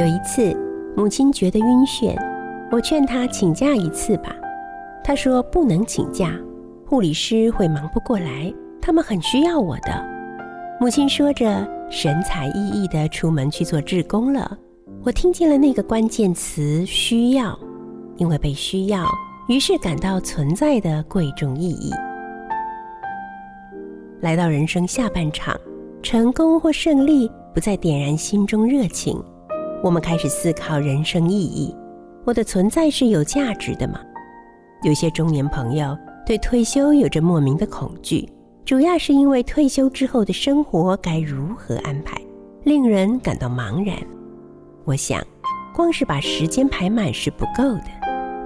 有一次，母親覺得暈眩，我勸她請假一次吧。她說不能請假，護理師會忙不過來，他們很需要我的。母親說着，神采奕奕地出門去做志工了。我聽見了那個關鍵詞“需要”，因為被需要，於是感到存在的貴重意義。來到人生下半場，成功或勝利不再點燃心中熱情。我們開始思考人生意義，我的存在是有價值的嗎？有些中年朋友對退休有着莫名的恐懼，主要是因為退休之後的生活該如何安排，令人感到茫然。我想，光是把時間排滿是不夠的，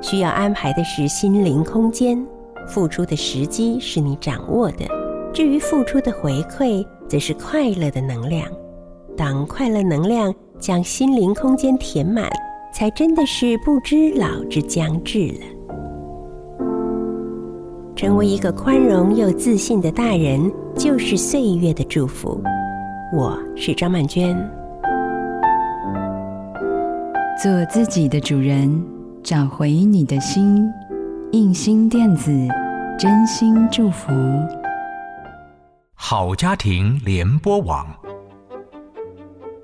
需要安排的是心靈空間。付出的時機是你掌握的，至於付出的回饋，則是快樂的能量。當快樂能量將心靈空間填滿，才真的是不知老之將至了。成為一個寬容又自信的大人，就是歲月的祝福。我是張曼娟，做自己的主人，找回你的心。映興電子，真心祝福。好家庭聯播網。